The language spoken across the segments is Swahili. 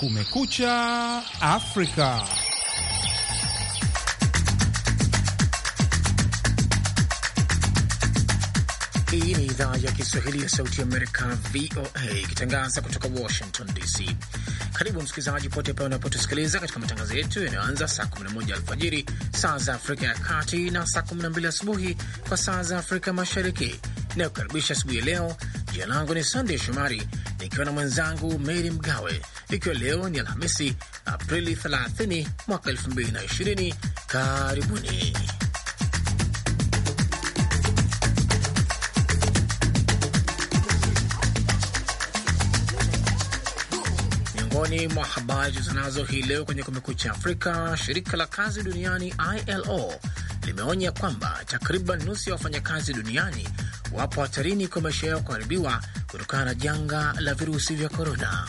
Kumekucha Afrika. Hii ni idhaa ya Kiswahili ya Sauti ya Amerika, VOA, ikitangaza kutoka Washington DC. Karibu msikilizaji, pote pale unapotusikiliza katika matangazo yetu yanayoanza saa 11 alfajiri saa za Afrika ya Kati na saa 12 asubuhi kwa saa za Afrika Mashariki. Inayokaribisha asubuhi ya leo, jina langu ni Sandey Shomari nikiwa na mwenzangu Meri Mgawe ikiwa leo ni Alhamisi, Aprili 30 mwaka 2020. Karibuni. Miongoni mwa habari tulizonazo hii leo kwenye Kumekucha Afrika, shirika la kazi duniani ILO limeonya kwamba takriban nusu ya wafanyakazi duniani wapo hatarini kwa maisha yao kuharibiwa kutokana na janga la virusi vya korona.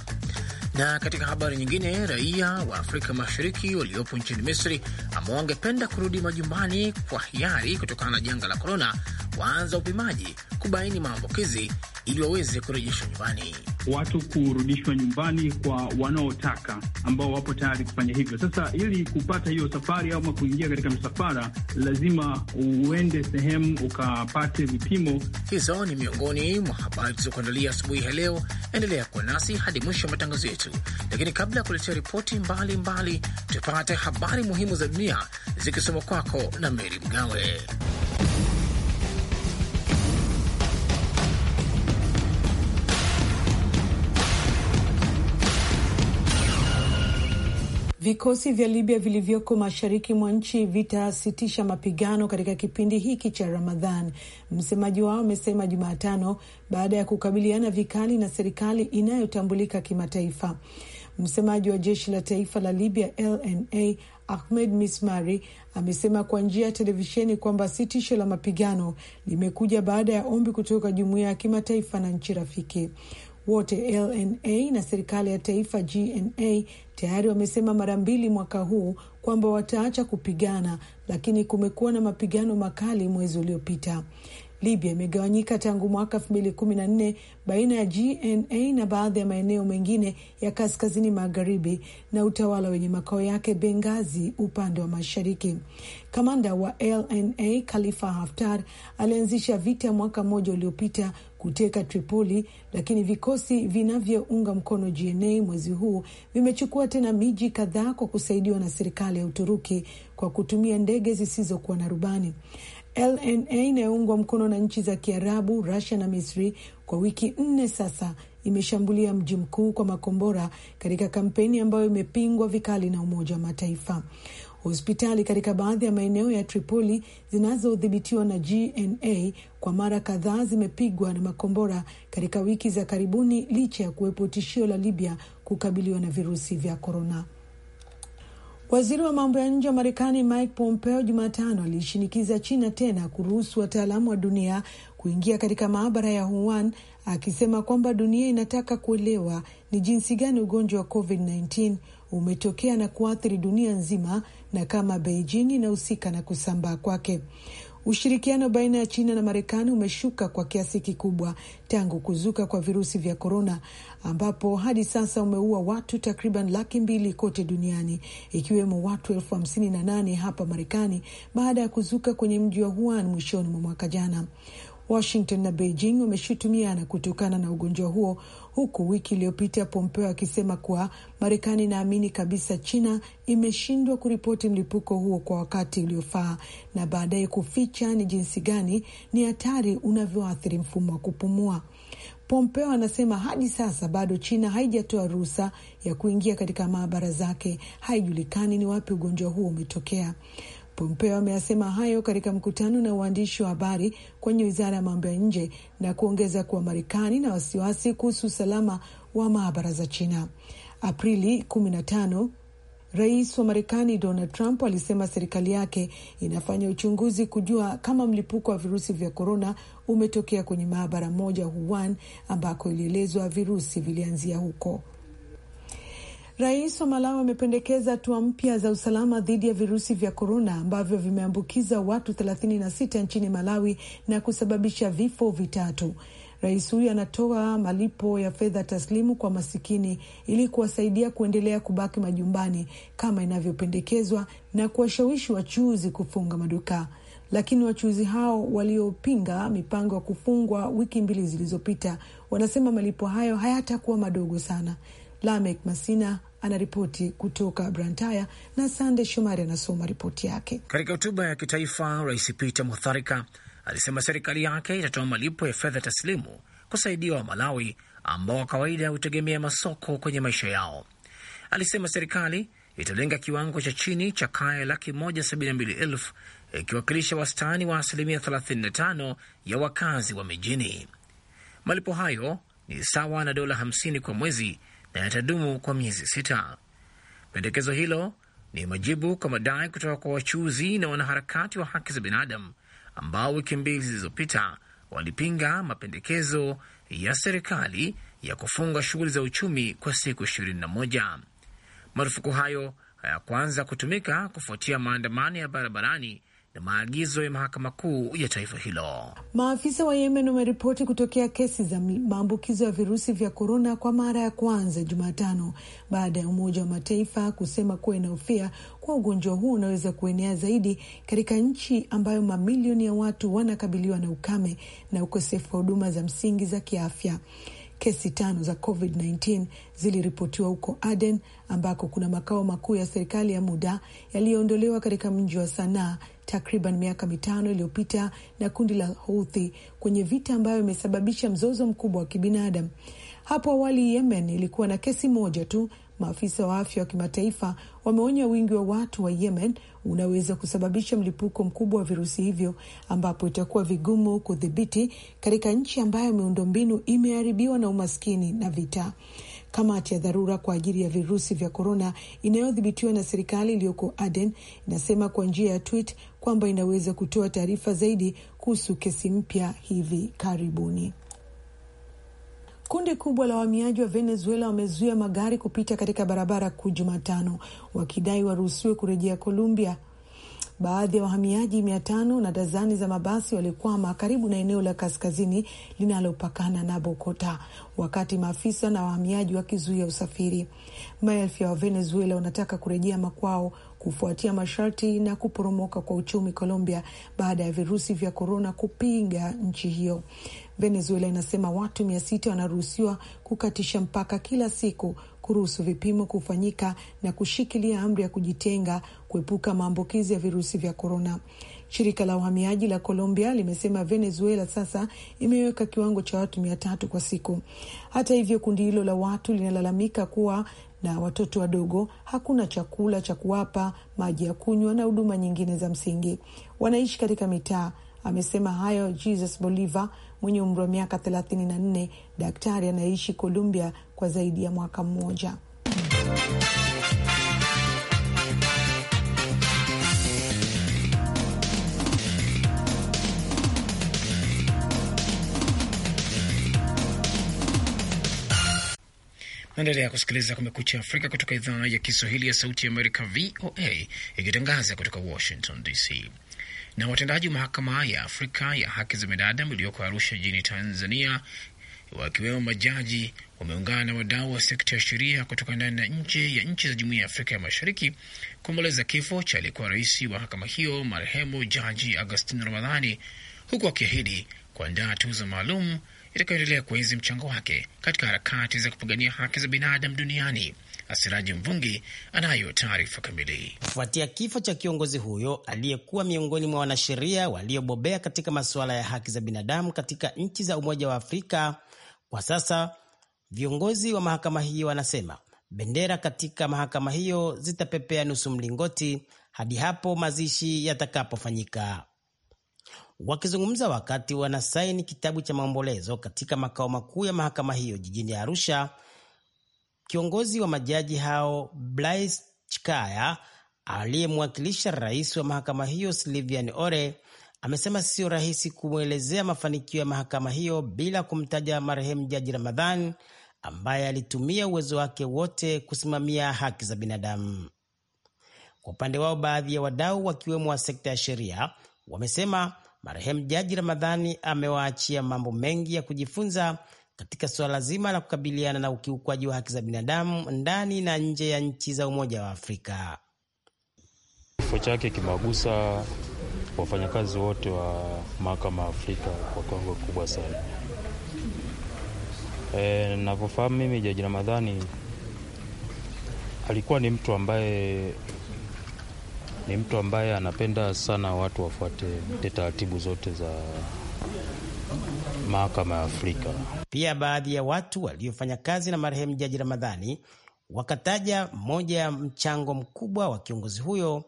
Na katika habari nyingine, raia wa Afrika Mashariki waliopo nchini Misri ambao wangependa kurudi majumbani kwa hiari kutokana na janga la korona waanza upimaji kubaini maambukizi ili waweze kurejeshwa nyumbani, watu kurudishwa nyumbani kwa wanaotaka ambao wapo tayari kufanya hivyo. Sasa ili kupata hiyo safari ama kuingia katika msafara, lazima uende sehemu ukapate vipimo. Hizo ni miongoni mwa habari tulizokuandalia asubuhi ya leo. Endelea kuwa nasi hadi mwisho wa matangazo yetu, lakini kabla ya kuletea ripoti mbalimbali, tupate habari muhimu za dunia zikisoma kwako na Meri Mgawe. Vikosi vya Libya vilivyoko mashariki mwa nchi vitasitisha mapigano katika kipindi hiki cha Ramadhan, msemaji wao amesema Jumatano, baada ya kukabiliana vikali na serikali inayotambulika kimataifa. Msemaji wa jeshi la taifa la Libya LNA Ahmed Mismari amesema kwa njia ya televisheni kwamba sitisho la mapigano limekuja baada ya ombi kutoka jumuiya ya kimataifa na nchi rafiki wote LNA na serikali ya taifa GNA tayari wamesema mara mbili mwaka huu kwamba wataacha kupigana, lakini kumekuwa na mapigano makali mwezi uliopita. Libya imegawanyika tangu mwaka elfu baina ya GNA na baadhi ya maeneo mengine ya kaskazini magharibi na utawala wenye makao yake Bengazi upande wa mashariki. Kamanda wa LNA Khalifa Haftar alianzisha vita mwaka mmoja uliopita kuteka Tripoli, lakini vikosi vinavyounga mkono GNA mwezi huu vimechukua tena miji kadhaa kwa kusaidiwa na serikali ya Uturuki kwa kutumia ndege zisizokuwa na rubani. LNA inayoungwa mkono na nchi za Kiarabu, Rusia na Misri kwa wiki nne sasa imeshambulia mji mkuu kwa makombora katika kampeni ambayo imepingwa vikali na Umoja wa Mataifa. Hospitali katika baadhi ya maeneo ya Tripoli zinazodhibitiwa na GNA kwa mara kadhaa zimepigwa na makombora katika wiki za karibuni licha ya kuwepo tishio la Libya kukabiliwa na virusi vya korona. Waziri wa mambo ya nje wa Marekani Mike Pompeo Jumatano alishinikiza China tena kuruhusu wataalamu wa dunia kuingia katika maabara ya Wuhan, akisema kwamba dunia inataka kuelewa ni jinsi gani ugonjwa wa COVID-19 umetokea na kuathiri dunia nzima na kama Beijing inahusika na kusambaa kwake. Ushirikiano baina ya China na Marekani umeshuka kwa kiasi kikubwa tangu kuzuka kwa virusi vya korona, ambapo hadi sasa umeua watu takriban laki mbili kote duniani, ikiwemo watu elfu hamsini na nane hapa Marekani baada ya kuzuka kwenye mji wa Wuhan mwishoni mwa mwaka jana. Washington na Beijing wameshutumiana kutokana na ugonjwa huo, huku wiki iliyopita Pompeo akisema kuwa Marekani inaamini kabisa China imeshindwa kuripoti mlipuko huo kwa wakati uliofaa, na baadaye kuficha ni jinsi gani ni hatari unavyoathiri mfumo wa kupumua. Pompeo anasema hadi sasa bado China haijatoa ruhusa ya kuingia katika maabara zake. Haijulikani ni wapi ugonjwa huo umetokea. Pompeo ameyasema hayo katika mkutano na waandishi wa habari kwenye wizara ya mambo ya nje na kuongeza kuwa Marekani na wasiwasi kuhusu usalama wa maabara za China. Aprili 15 Rais wa Marekani Donald Trump alisema serikali yake inafanya uchunguzi kujua kama mlipuko wa virusi vya korona umetokea kwenye maabara moja Wuhan, ambako ilielezwa virusi vilianzia huko. Rais wa Malawi amependekeza hatua mpya za usalama dhidi ya virusi vya korona ambavyo vimeambukiza watu 36 nchini Malawi na kusababisha vifo vitatu. Rais huyu anatoa malipo ya fedha taslimu kwa masikini ili kuwasaidia kuendelea kubaki majumbani kama inavyopendekezwa na kuwashawishi wachuuzi kufunga maduka, lakini wachuuzi hao waliopinga mipango ya kufungwa wiki mbili zilizopita wanasema malipo hayo hayatakuwa madogo sana. Lamek Masina anaripoti kutoka Brantaya na Sande Shomari anasoma ripoti yake. Katika hotuba ya kitaifa, Rais Peter Mutharika alisema serikali yake itatoa malipo ya fedha taslimu kusaidia wa Malawi ambao kwa kawaida hutegemea masoko kwenye maisha yao. Alisema serikali italenga kiwango cha chini cha kaya laki moja sabini na mbili elfu ikiwakilisha wastani wa asilimia 35 ya wakazi wa mijini. Malipo hayo ni sawa na dola 50 kwa mwezi na yatadumu kwa miezi sita. Pendekezo hilo ni majibu kwa madai kutoka kwa wachuuzi na wanaharakati wa haki za binadamu ambao wiki mbili zilizopita walipinga mapendekezo ya serikali ya kufunga shughuli za uchumi kwa siku 21. Marufuku hayo hayakuanza kutumika kufuatia maandamano ya barabarani na maagizo ya mahakama kuu ya taifa hilo. Maafisa wa Yemen wameripoti kutokea kesi za maambukizo ya virusi vya korona kwa mara ya kwanza Jumatano baada ya Umoja wa Mataifa kusema kuwa inahofia kuwa ugonjwa huu unaweza kuenea zaidi katika nchi ambayo mamilioni ya watu wanakabiliwa na ukame na ukosefu wa huduma za msingi za kiafya kesi tano za COVID-19 ziliripotiwa huko Aden ambako kuna makao makuu ya serikali ya muda yaliyoondolewa katika mji wa Sanaa takriban miaka mitano iliyopita na kundi la Houthi kwenye vita ambayo imesababisha mzozo mkubwa wa kibinadamu. Hapo awali Yemen ilikuwa na kesi moja tu Maafisa wa afya wa kimataifa wameonya wingi wa watu wa Yemen unaweza kusababisha mlipuko mkubwa wa virusi hivyo, ambapo itakuwa vigumu kudhibiti katika nchi ambayo miundombinu imeharibiwa na umaskini na vita. Kamati ya dharura kwa ajili ya virusi vya korona inayodhibitiwa na serikali iliyoko Aden inasema kwa njia ya tweet kwamba inaweza kutoa taarifa zaidi kuhusu kesi mpya hivi karibuni. Kundi kubwa la wahamiaji wa Venezuela wamezuia magari kupita katika barabara kuu Jumatano, wakidai waruhusiwe kurejea Colombia. Baadhi ya wahamiaji mia tano na dazani za mabasi walikwama karibu na eneo la kaskazini linalopakana na Bogota, wakati maafisa na wahamiaji wakizuia usafiri. Maelfu ya Wavenezuela wanataka kurejea makwao kufuatia masharti na kuporomoka kwa uchumi Colombia baada ya virusi vya korona kupinga nchi hiyo. Venezuela inasema watu mia sita wanaruhusiwa kukatisha mpaka kila siku, kuruhusu vipimo kufanyika na kushikilia amri ya kujitenga kuepuka maambukizi ya virusi vya korona. Shirika la uhamiaji la Colombia limesema Venezuela sasa imeweka kiwango cha watu mia tatu kwa siku. Hata hivyo, kundi hilo la watu linalalamika kuwa na watoto wadogo, hakuna chakula cha kuwapa, maji ya kunywa na huduma nyingine za msingi. Wanaishi katika mitaa. Amesema hayo Jesus Bolivar, mwenye umri wa miaka 34, daktari anayeishi columbia kwa zaidi ya mwaka mmoja. Naendelea kusikiliza Kumekucha Afrika kutoka idhaa ya Kiswahili ya Sauti ya Amerika, VOA, ikitangaza kutoka Washington DC na watendaji wa mahakama ya Afrika ya haki za binadamu iliyoko Arusha jijini Tanzania, wakiwemo majaji wameungana na wadau wa sekta ya sheria kutoka ndani na nje ya nchi za Jumuiya ya Afrika ya Mashariki kuomboleza kifo cha aliyekuwa rais wa mahakama hiyo marehemu Jaji Agostino Ramadhani, huku akiahidi kuandaa tuzo maalum itakayoendelea kuenzi mchango wake katika harakati za kupigania haki za binadamu duniani. Asiraji Mvungi anayo taarifa kamili. Kufuatia kifo cha kiongozi huyo aliyekuwa miongoni mwa wanasheria waliobobea katika masuala ya haki za binadamu katika nchi za Umoja wa Afrika, kwa sasa viongozi wa mahakama hiyo wanasema bendera katika mahakama hiyo zitapepea nusu mlingoti hadi hapo mazishi yatakapofanyika. Wakizungumza wakati wanasaini kitabu cha maombolezo katika makao makuu ya mahakama hiyo jijini Arusha, Kiongozi wa majaji hao Blaise Chikaya aliyemwakilisha rais wa mahakama hiyo Slivian Ore amesema sio rahisi kumwelezea mafanikio ya mahakama hiyo bila kumtaja marehemu Jaji Ramadhan ambaye alitumia uwezo wake wote kusimamia haki za binadamu. Kwa upande wao, baadhi ya wadau wakiwemo wa sekta ya sheria wamesema marehemu Jaji Ramadhani amewaachia mambo mengi ya kujifunza katika suala zima la kukabiliana na ukiukwaji wa haki za binadamu ndani na nje ya nchi za Umoja wa Afrika. Kifo chake kimewagusa wafanyakazi wote wa mahakama ya Afrika kwa kiwango kikubwa sana. E, navyofahamu mimi Jaji Ramadhani alikuwa ni mtu ambaye ni mtu ambaye anapenda sana watu wafuate taratibu zote za mahakama ya Afrika. Pia baadhi ya watu waliofanya kazi na marehemu Jaji Ramadhani wakataja moja ya mchango mkubwa wa kiongozi huyo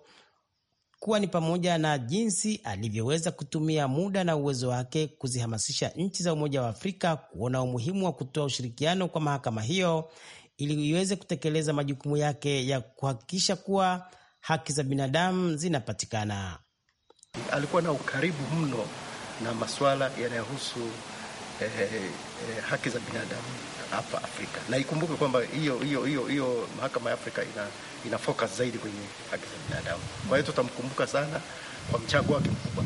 kuwa ni pamoja na jinsi alivyoweza kutumia muda na uwezo wake kuzihamasisha nchi za Umoja wa Afrika kuona umuhimu wa kutoa ushirikiano kwa mahakama hiyo ili iweze kutekeleza majukumu yake ya kuhakikisha kuwa haki za binadamu zinapatikana. Alikuwa na ukaribu mno na masuala yanayohusu Eh eh, eh, eh, haki za binadamu hapa Afrika, na ikumbuke kwamba hiyo hiyo hiyo hiyo mahakama ya Afrika ina, ina focus zaidi kwenye haki za binadamu. Kwa hiyo tutamkumbuka sana kwa mchango wake mkubwa.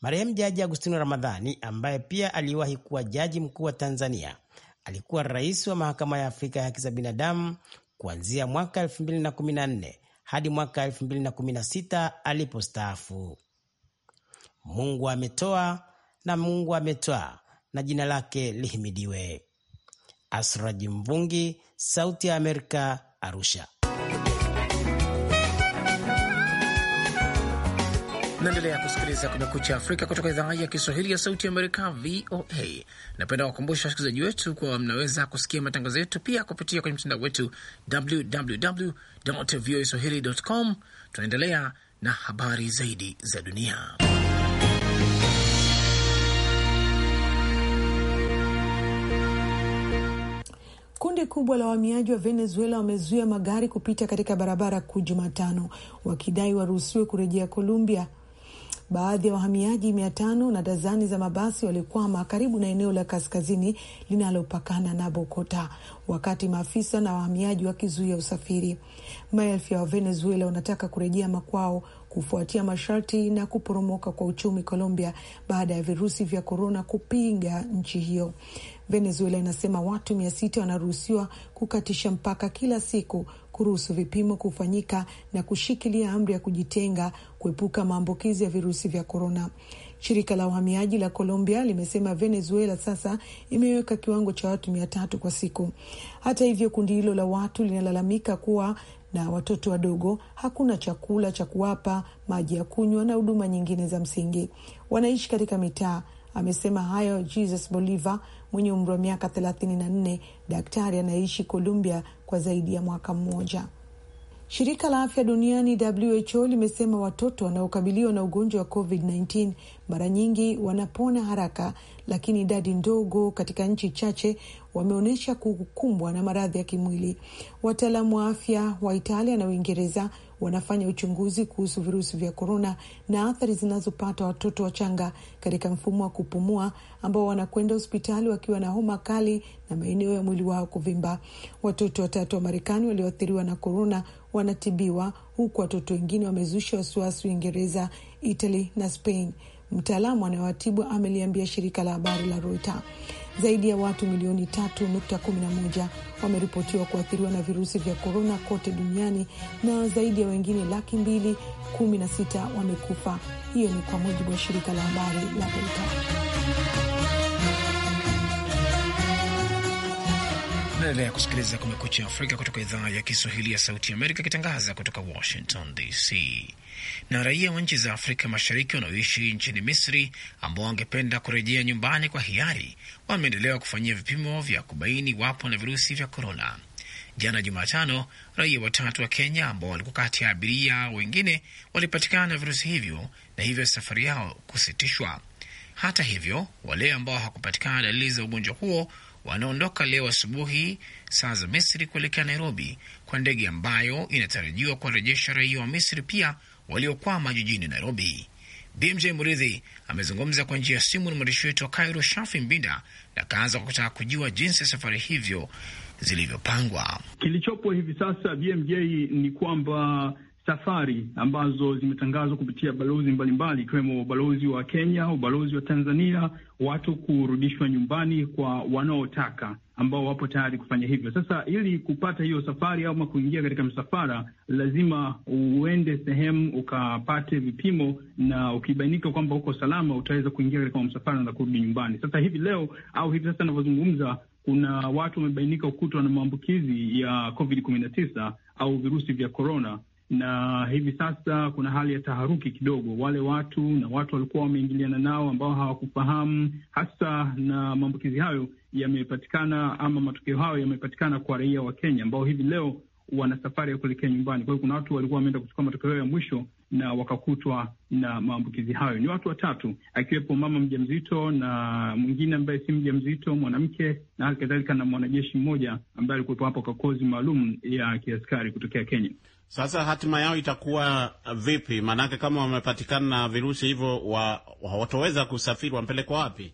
Marehemu Jaji Agustino Ramadhani ambaye pia aliwahi kuwa jaji mkuu wa Tanzania alikuwa rais wa mahakama ya Afrika ya haki za binadamu kuanzia mwaka 2014 hadi mwaka 2016 alipostaafu. Mungu ametoa na Mungu ametwaa na jina lake lihimidiwe. Asraji Mvungi, Sauti ya Amerika, Arusha. Naendelea kusikiliza Kumekucha Afrika kutoka idhaa ya Kiswahili ya Sauti Amerika, VOA. Napenda kukumbusha wasikilizaji wetu kuwa mnaweza kusikia matangazo yetu pia kupitia kwenye mtandao wetu www voaswahili com. Tunaendelea na habari zaidi za dunia. Kundi kubwa la wahamiaji wa Venezuela wamezuia magari kupita katika barabara kuu Jumatano, wakidai waruhusiwe kurejea Colombia. Baadhi ya wahamiaji mia tano na dazani za mabasi walikwama karibu na eneo la kaskazini linalopakana na Bogota, wakati maafisa na wahamiaji wakizuia usafiri. Maelfu ya Wavenezuela wanataka kurejea makwao kufuatia masharti na kuporomoka kwa uchumi Colombia baada ya virusi vya korona kupinga nchi hiyo. Venezuela inasema watu mia sita wanaruhusiwa kukatisha mpaka kila siku kuruhusu vipimo kufanyika na kushikilia amri ya kujitenga kuepuka maambukizi ya virusi vya korona. Shirika la uhamiaji la Colombia limesema Venezuela sasa imeweka kiwango cha watu mia tatu kwa siku. Hata hivyo, kundi hilo la watu linalalamika kuwa na watoto wadogo, hakuna chakula cha kuwapa, maji ya kunywa na huduma nyingine za msingi. Wanaishi katika mitaa, amesema hayo Jesus Bolivar, mwenye umri wa miaka 34, daktari anayeishi columbia kwa zaidi ya mwaka mmoja. Shirika la afya duniani WHO limesema watoto wanaokabiliwa na ugonjwa wa COVID-19 mara nyingi wanapona haraka, lakini idadi ndogo katika nchi chache wameonyesha kukumbwa na maradhi ya kimwili. Wataalamu wa afya wa Italia na Uingereza wanafanya uchunguzi kuhusu virusi vya korona na athari zinazopata watoto wachanga katika mfumo wa kupumua, ambao wanakwenda hospitali wakiwa na homa kali na maeneo ya mwili wao kuvimba. Watoto watatu wa Marekani walioathiriwa na korona wanatibiwa huku watoto wengine wamezusha wasiwasi Uingereza, Italy na Spain. Mtaalamu anayewatibu ameliambia shirika la habari la Reuters zaidi ya watu milioni 3.11 wameripotiwa kuathiriwa na virusi vya korona kote duniani na zaidi ya wengine laki mbili wamekufa. Hiyo ni kwa mujibu wa shirika la habari la Reuters. Unaendelea kusikiliza Kumekucha Afrika kutoka idhaa ya Kiswahili ya Sauti Amerika ikitangaza kutoka Washington DC. Na raia wa nchi za Afrika Mashariki wanaoishi nchini Misri ambao wangependa kurejea nyumbani kwa hiari wameendelewa kufanyia vipimo vya kubaini wapo na virusi vya korona. Jana Jumatano, raia watatu wa Kenya ambao walikuwa kati ya abiria wengine walipatikana na virusi hivyo na hivyo safari yao kusitishwa. Hata hivyo, wale ambao hawakupatikana dalili za ugonjwa huo wanaondoka leo asubuhi saa za Misri kuelekea Nairobi kwa ndege ambayo inatarajiwa kuwarejesha raia wa Misri pia waliokwama jijini Nairobi. BMJ Muridhi amezungumza kwa njia ya simu na mwandishi wetu wa Kairo, Shafi Mbinda, na akaanza kwa kutaka kujua jinsi ya safari hivyo zilivyopangwa. Kilichopo hivi sasa BMJ ni kwamba safari ambazo zimetangazwa kupitia balozi mbalimbali ikiwemo balozi wa Kenya, ubalozi wa Tanzania, watu kurudishwa nyumbani kwa wanaotaka ambao wapo tayari kufanya hivyo. Sasa ili kupata hiyo safari ama kuingia katika msafara, lazima uende sehemu ukapate vipimo, na ukibainika kwamba uko salama, utaweza kuingia katika msafara na kurudi nyumbani. Sasa hivi leo au hivi sasa navyozungumza, kuna watu wamebainika kukutwa na maambukizi ya covid tisa au virusi vya korona na hivi sasa kuna hali ya taharuki kidogo, wale watu na watu walikuwa wameingiliana nao ambao hawakufahamu hasa, na maambukizi hayo yamepatikana ama matokeo hayo yamepatikana kwa raia wa Kenya ambao hivi leo wana safari ya kuelekea nyumbani. Kwa hiyo kuna watu walikuwa wameenda kuchukua matokeo hayo ya mwisho na wakakutwa na maambukizi hayo. Ni watu watatu, akiwepo mama mjamzito na mwingine ambaye si mjamzito, mwanamke na hali kadhalika, na mwanajeshi mmoja ambaye alikuwepo hapo kwa kozi maalum ya kiaskari kutokea Kenya. Sasa hatima yao itakuwa vipi? Maanake kama wamepatikana na virusi hivyo, hawatoweza wa kusafiri, wampelekwa wapi?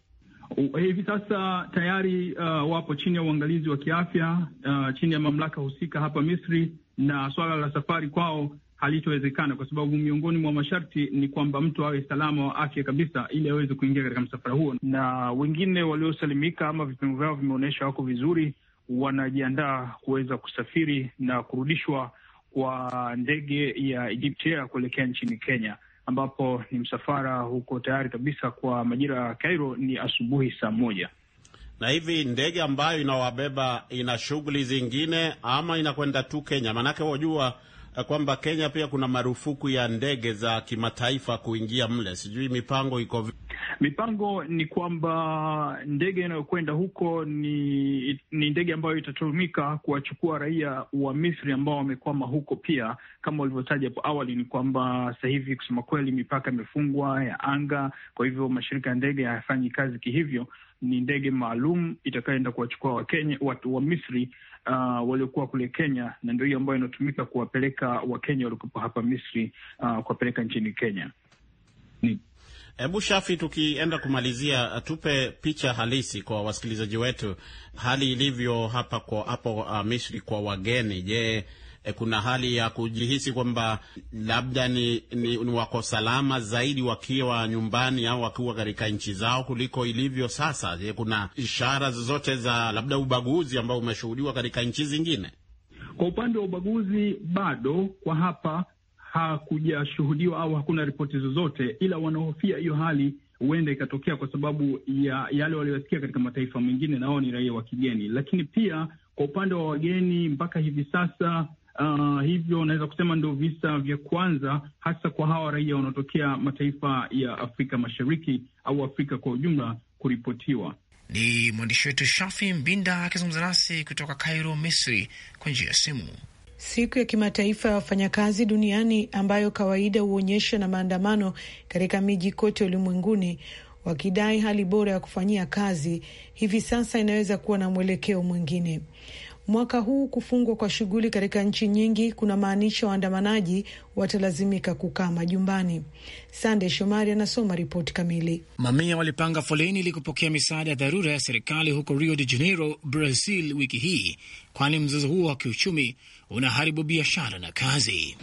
Hivi sasa tayari uh, wapo chini ya uangalizi wa kiafya uh, chini ya mamlaka husika hapa Misri, na swala la safari kwao halitowezekana kwa sababu miongoni mwa masharti ni kwamba mtu awe salama wa afya kabisa, ili aweze kuingia katika msafara huo. Na wengine waliosalimika ama vipimo vyao vimeonyesha wako vizuri, wanajiandaa kuweza kusafiri na kurudishwa wa ndege ya Egypt kuelekea nchini Kenya, ambapo ni msafara huko tayari kabisa kwa majira ya Cairo ni asubuhi saa moja. Na hivi ndege ambayo inawabeba ina shughuli zingine ama inakwenda tu Kenya? Maanake wajua Eh, kwamba Kenya pia kuna marufuku ya ndege za kimataifa kuingia mle, sijui mipango iko mipango ni kwamba ndege inayokwenda huko ni ni ndege ambayo itatumika kuwachukua raia wa Misri ambao wamekwama huko. Pia kama walivyotaja hapo awali, ni kwamba sasa hivi kusema kweli, mipaka imefungwa ya anga, kwa hivyo mashirika ya ndege hayafanyi kazi kihivyo ni ndege maalum itakayoenda kuwachukua Wakenya, watu wa Misri uh, waliokuwa kule Kenya, na ndio hiyo ambayo inatumika kuwapeleka Wakenya waliokuwepo hapa Misri uh, kuwapeleka nchini Kenya. Hebu Shafi, tukienda kumalizia, tupe picha halisi kwa wasikilizaji wetu, hali ilivyo hapa kwa hapo uh, Misri kwa wageni. Je, eh, kuna hali ya kujihisi kwamba labda ni, ni, ni wako salama zaidi wakiwa nyumbani au wakiwa katika nchi zao kuliko ilivyo sasa? Je, kuna ishara zozote za labda ubaguzi ambao umeshuhudiwa katika nchi zingine? Kwa upande wa ubaguzi bado kwa hapa hakujashuhudiwa au hakuna ripoti zozote, ila wanahofia hiyo hali huenda ikatokea kwa sababu ya yale waliyosikia katika mataifa mengine, nao ni raia wa kigeni. Lakini pia kwa upande wa wageni, mpaka hivi sasa Uh, hivyo naweza kusema ndio visa vya kwanza hasa kwa hawa raia wanaotokea mataifa ya Afrika Mashariki au Afrika kwa ujumla kuripotiwa. Ni mwandishi wetu Shafi Mbinda akizungumza nasi kutoka Cairo, Misri, kwa njia ya simu. Siku ya kimataifa ya wafanyakazi duniani ambayo kawaida huonyesha na maandamano katika miji kote ulimwenguni wakidai hali bora ya kufanyia kazi, hivi sasa inaweza kuwa na mwelekeo mwingine. Mwaka huu kufungwa kwa shughuli katika nchi nyingi kuna maanisha waandamanaji watalazimika kukaa majumbani. Sande Shomari anasoma ripoti kamili. Mamia walipanga foleni ili kupokea misaada ya dharura ya serikali huko Rio de Janeiro, Brazil, wiki hii, kwani mzozo huo wa kiuchumi unaharibu biashara na kazi.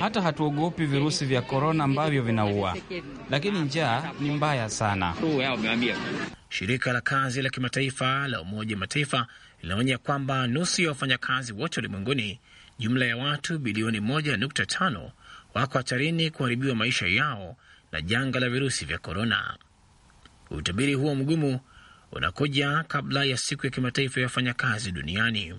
Hata hatuogopi virusi vya korona ambavyo vinaua, lakini njaa ni mbaya sana. Shirika la kazi la kimataifa la Umoja Mataifa linaonya kwamba nusu ya wafanyakazi wote ulimwenguni, jumla ya watu bilioni 1.5 wako hatarini kuharibiwa maisha yao na janga la virusi vya korona. Utabiri huo mgumu unakuja kabla ya siku ya kimataifa ya wafanyakazi duniani.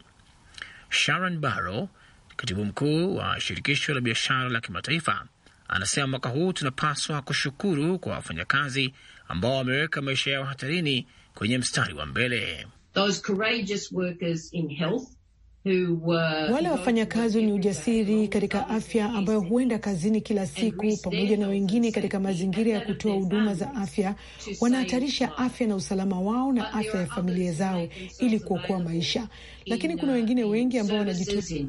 Sharon Barrow, katibu mkuu wa shirikisho la biashara la kimataifa, anasema mwaka huu tunapaswa kushukuru kwa wafanyakazi ambao wameweka maisha yao hatarini kwenye mstari wa mbele. Those courageous workers in health wale wafanyakazi wenye ujasiri katika afya ambayo huenda kazini kila siku pamoja na wengine katika mazingira ya kutoa huduma za afya wanahatarisha afya na usalama wao na afya ya familia zao ili kuokoa maisha, lakini kuna uh, wengine wengi ambao wanajitolea.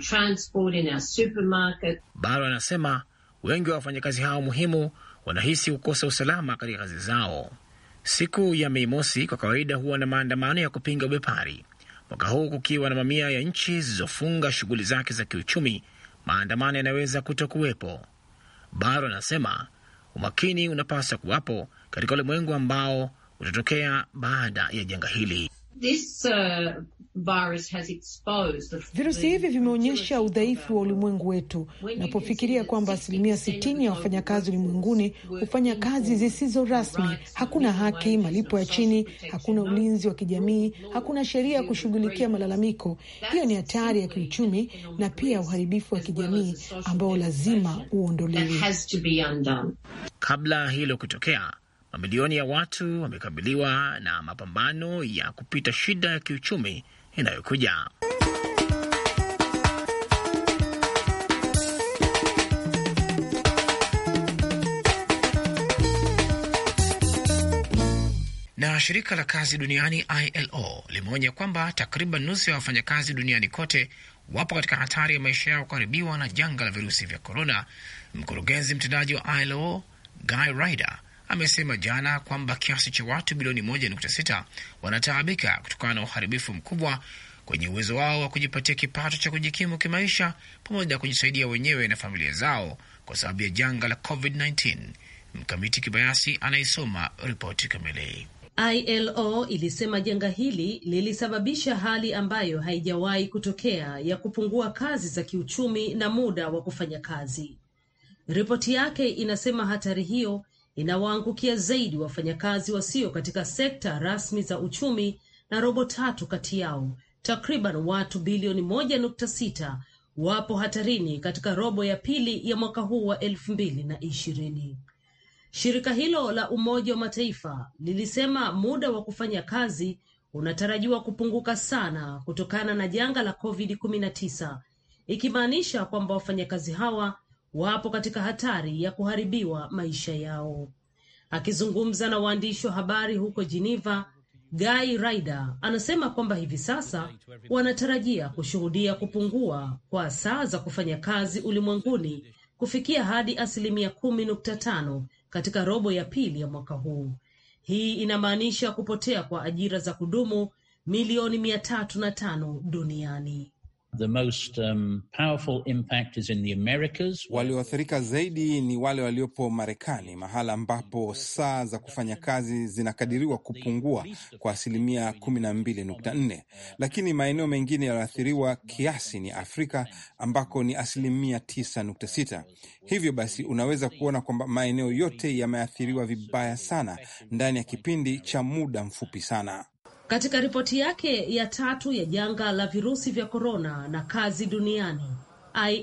Bara anasema wengi wa wafanyakazi hao muhimu wanahisi kukosa usalama katika kazi zao. Siku ya Mei Mosi kwa kawaida huwa na maandamano ya kupinga ubepari mwaka huu kukiwa na mamia ya nchi zilizofunga shughuli zake za kiuchumi, maandamano yanaweza kutokuwepo. Baro anasema umakini unapaswa kuwapo katika ulimwengu ambao utatokea baada ya janga hili. This, uh... Virusi hivi vimeonyesha udhaifu wa ulimwengu wetu. Unapofikiria kwamba asilimia sitini ya wafanyakazi ulimwenguni hufanya kazi zisizo rasmi, hakuna haki, malipo ya chini, hakuna ulinzi wa kijamii, hakuna sheria ya kushughulikia malalamiko. Hiyo ni hatari ya kiuchumi na pia uharibifu wa kijamii ambao lazima uondolewe. Kabla hilo kutokea mamilioni ya watu wamekabiliwa na mapambano ya kupita shida ya kiuchumi inayokuja. Na shirika la kazi duniani ILO limeonya kwamba takriban nusu ya wafanyakazi duniani kote wapo katika hatari ya maisha yao kuharibiwa na janga la virusi vya korona. Mkurugenzi mtendaji wa ILO Guy Ryder amesema jana kwamba kiasi cha watu bilioni 1.6 wanataabika kutokana na uharibifu mkubwa kwenye uwezo wao wa kujipatia kipato cha kujikimu kimaisha pamoja na kujisaidia wenyewe na familia zao kwa sababu ya janga la COVID-19. Mkamiti Kibayasi anaisoma ripoti kamili. ILO ilisema janga hili lilisababisha hali ambayo haijawahi kutokea ya kupungua kazi za kiuchumi na muda wa kufanya kazi. Ripoti yake inasema hatari hiyo inawaangukia zaidi wafanyakazi wasio katika sekta rasmi za uchumi na robo tatu kati yao, takriban watu bilioni moja nukta sita wapo hatarini katika robo ya pili ya mwaka huu wa elfu mbili na ishirini. Shirika hilo la Umoja wa Mataifa lilisema muda wa kufanya kazi unatarajiwa kupunguka sana kutokana na janga la COVID-19, ikimaanisha kwamba wafanyakazi hawa wapo katika hatari ya kuharibiwa maisha yao. Akizungumza na waandishi wa habari huko Geneva, Guy Ryder anasema kwamba hivi sasa wanatarajia kushuhudia kupungua kwa saa za kufanya kazi ulimwenguni kufikia hadi asilimia kumi nukta tano katika robo ya pili ya mwaka huu. Hii inamaanisha kupotea kwa ajira za kudumu milioni mia tatu na tano duniani. The most, um, powerful impact is in the Americas. Walioathirika zaidi ni wale waliopo Marekani, mahala ambapo saa za kufanya kazi zinakadiriwa kupungua kwa asilimia 12.4, lakini maeneo mengine yaliyoathiriwa kiasi ni Afrika ambako ni asilimia 9.6. Hivyo basi unaweza kuona kwamba maeneo yote yameathiriwa vibaya sana ndani ya kipindi cha muda mfupi sana. Katika ripoti yake ya tatu ya janga la virusi vya korona na kazi duniani,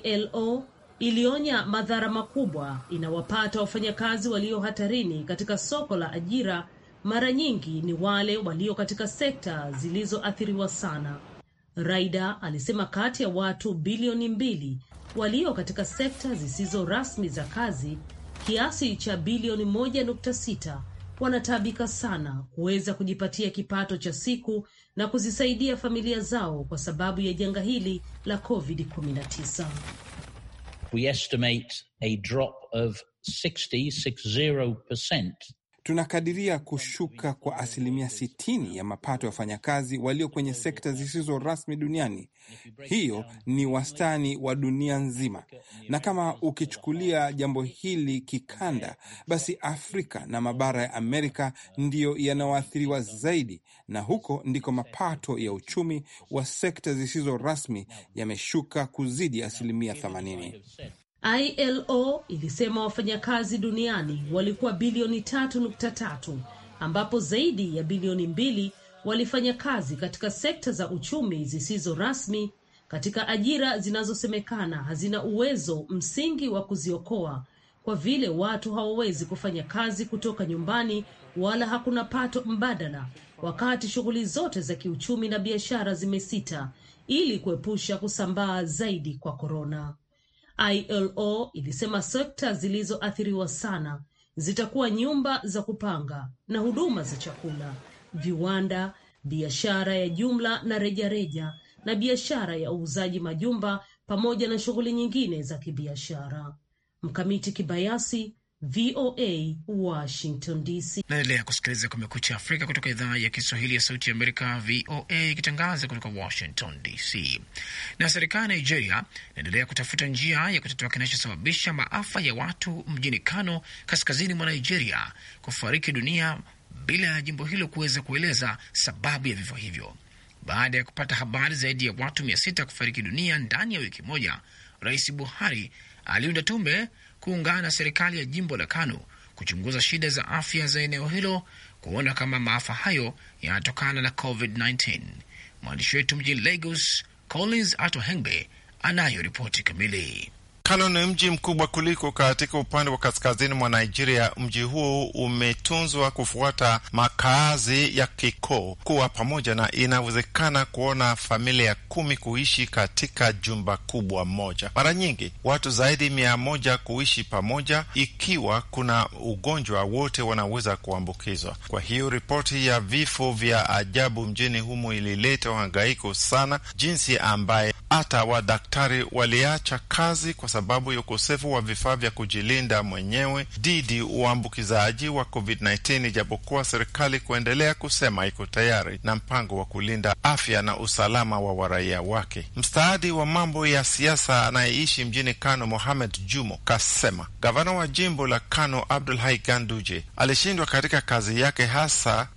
ILO ilionya madhara makubwa inawapata wafanyakazi walio hatarini katika soko la ajira. Mara nyingi ni wale walio katika sekta zilizoathiriwa sana. Raida alisema kati ya watu bilioni mbili walio katika sekta zisizo rasmi za kazi, kiasi cha bilioni moja nukta sita wanataabika sana kuweza kujipatia kipato cha siku na kuzisaidia familia zao kwa sababu ya janga hili la COVID-19. We estimate a drop of 60, 60% Tunakadiria kushuka kwa asilimia 60 ya mapato ya wafanyakazi walio kwenye sekta zisizo rasmi duniani. Hiyo ni wastani wa dunia nzima, na kama ukichukulia jambo hili kikanda, basi Afrika na mabara ya Amerika ndiyo yanayoathiriwa zaidi, na huko ndiko mapato ya uchumi wa sekta zisizo rasmi yameshuka kuzidi asilimia 80. ILO ilisema wafanyakazi duniani walikuwa bilioni 3.3 ambapo zaidi ya bilioni mbili walifanya kazi katika sekta za uchumi zisizo rasmi katika ajira zinazosemekana hazina uwezo msingi wa kuziokoa kwa vile watu hawawezi kufanya kazi kutoka nyumbani wala hakuna pato mbadala, wakati shughuli zote za kiuchumi na biashara zimesita ili kuepusha kusambaa zaidi kwa korona. ILO ilisema sekta zilizoathiriwa sana zitakuwa nyumba za kupanga na huduma za chakula, viwanda, biashara ya jumla na rejareja reja, na biashara ya uuzaji majumba pamoja na shughuli nyingine za kibiashara. Mkamiti Kibayasi VOA Washington DC. Naendelea kusikiliza Kumekucha Afrika kutoka idhaa ya Kiswahili ya Sauti ya Amerika, VOA, ikitangaza kutoka Washington DC. Na serikali ya Nigeria inaendelea kutafuta njia ya kutatua kinachosababisha maafa ya watu mjini Kano, kaskazini mwa Nigeria, kufariki dunia bila ya jimbo hilo kuweza kueleza sababu ya vifo hivyo. Baada ya kupata habari zaidi ya watu mia sita kufariki dunia ndani ya wiki moja, Rais Buhari aliunda tume kuungana na serikali ya jimbo la Kano kuchunguza shida za afya za eneo hilo kuona kama maafa hayo yanatokana na COVID-19. Mwandishi wetu mjini Lagos, Collins Ato Hengbe, anayo ripoti kamili. Kano ni mji mkubwa kuliko katika upande wa kaskazini mwa Nigeria. Mji huo umetunzwa kufuata makaazi ya kikoo kuwa pamoja, na inawezekana kuona familia kumi kuishi katika jumba kubwa moja, mara nyingi watu zaidi mia moja kuishi pamoja. Ikiwa kuna ugonjwa wote wanaweza kuambukizwa. Kwa hiyo ripoti ya vifo vya ajabu mjini humo ilileta uhangaiko sana, jinsi ambaye hata wadaktari waliacha kazi kwa sababu ya ukosefu wa vifaa vya kujilinda mwenyewe dhidi uambukizaji wa COVID-19, ijapokuwa serikali kuendelea kusema iko tayari na mpango wa kulinda afya na usalama wa waraia wake. Mstaadi wa mambo ya siasa anayeishi mjini Kano, Mohamed Jumo kasema gavana wa jimbo la Kano Abdul Hai Ganduje alishindwa katika kazi yake hasa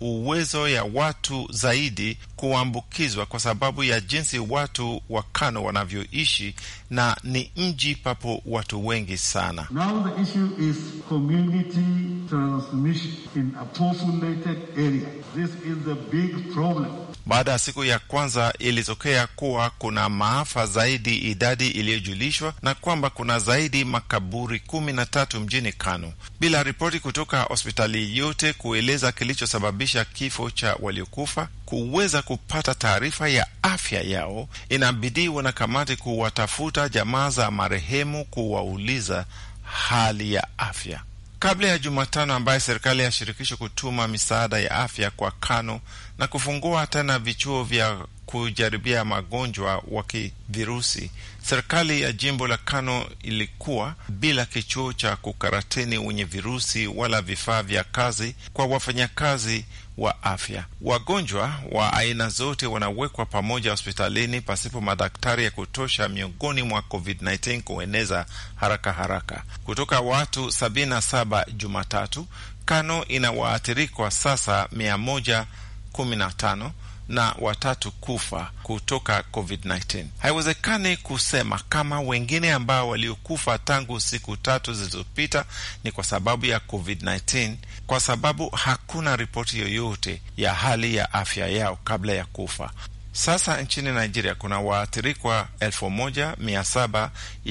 uwezo ya watu zaidi kuambukizwa kwa sababu ya jinsi watu wa Kano wanavyoishi na ni mji papo watu wengi sana. Now the issue is community transmission in a populated area. This is the big problem. Baada ya siku ya kwanza ilitokea kuwa kuna maafa zaidi idadi iliyojulishwa na kwamba kuna zaidi makaburi kumi na tatu mjini Kano, bila ripoti kutoka hospitali yote kueleza kilichosababisha kifo cha waliokufa kuweza kupata taarifa ya afya yao, inabidi wanakamati kuwatafuta jamaa za marehemu kuwauliza hali ya afya kabla ya Jumatano ambaye serikali ya shirikisho kutuma misaada ya afya kwa Kano na kufungua tena vichuo vya kujaribia magonjwa wa kivirusi. Serikali ya jimbo la Kano ilikuwa bila kichuo cha kukaratini wenye virusi wala vifaa vya kazi kwa wafanyakazi wa afya. Wagonjwa wa aina zote wanawekwa pamoja hospitalini pasipo madaktari ya kutosha, miongoni mwa COVID-19 kueneza haraka haraka kutoka watu 77 Jumatatu. Kano ina waathirikwa sasa 115 na watatu kufa kutoka COVID-19. Haiwezekani kusema kama wengine ambao waliokufa tangu siku tatu zilizopita ni kwa sababu ya COVID-19 kwa sababu hakuna ripoti yoyote ya hali ya afya yao kabla ya kufa. Sasa nchini Nigeria kuna waathirikwa 1728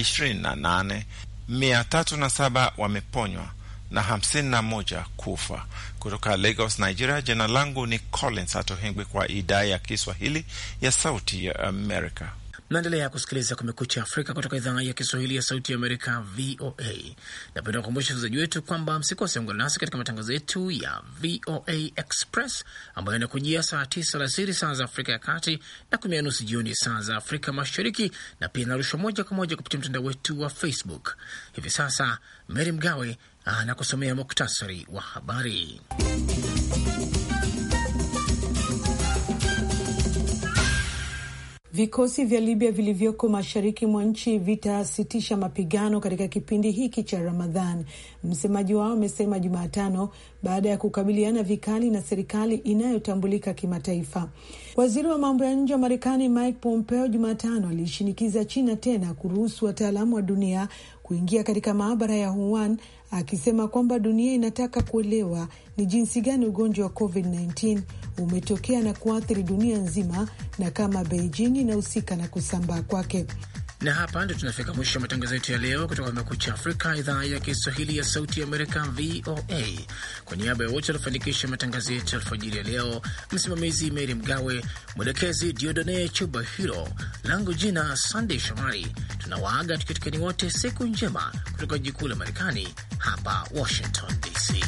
moja mia tatu na saba wameponywa na hamsini na moja kufa. Kutoka Lagos, Nigeria, jina langu ni Collins Atohengwi kwa idhaa ya Kiswahili ya Sauti ya Amerika. Mnaendelea kusikiliza Kumekucha Afrika kutoka idhaa ya Kiswahili ya Sauti ya Amerika, VOA. Napenda kukumbusha wasikilizaji wetu kwamba msikose ungana nasi katika matangazo yetu ya VOA Express ambayo inakujia saa tisa alasiri saa za Afrika ya Kati na kumi na nusu jioni saa za Afrika Mashariki, na pia inarushwa moja kwa moja kupitia mtandao wetu wa Facebook. Hivi sasa Meri Mgawe anakusomea ah, muktasari wa habari. Vikosi vya Libya vilivyoko mashariki mwa nchi vitasitisha mapigano katika kipindi hiki cha Ramadhan, msemaji wao amesema Jumatano, baada ya kukabiliana vikali na serikali inayotambulika kimataifa. Waziri wa mambo ya nje wa Marekani Mike Pompeo Jumatano alishinikiza China tena kuruhusu wataalamu wa dunia kuingia katika maabara ya Wuhan akisema kwamba dunia inataka kuelewa ni jinsi gani ugonjwa wa COVID-19 umetokea na kuathiri dunia nzima na kama Beijing inahusika na kusambaa kwake. Na hapa ndio tunafika mwisho wa matangazo yetu ya leo kutoka Kumekucha Afrika, idhaa ya Kiswahili ya Sauti ya Amerika, VOA. Kwa niaba ya wote waliofanikisha matangazo yetu alfajiri ya leo, msimamizi Meri Mgawe, mwelekezi Diodone Chuba Hiro, langu jina Sandey Shomari. Tunawaaga tukitikani wote, siku njema kutoka jikuu la Marekani, hapa Washington DC.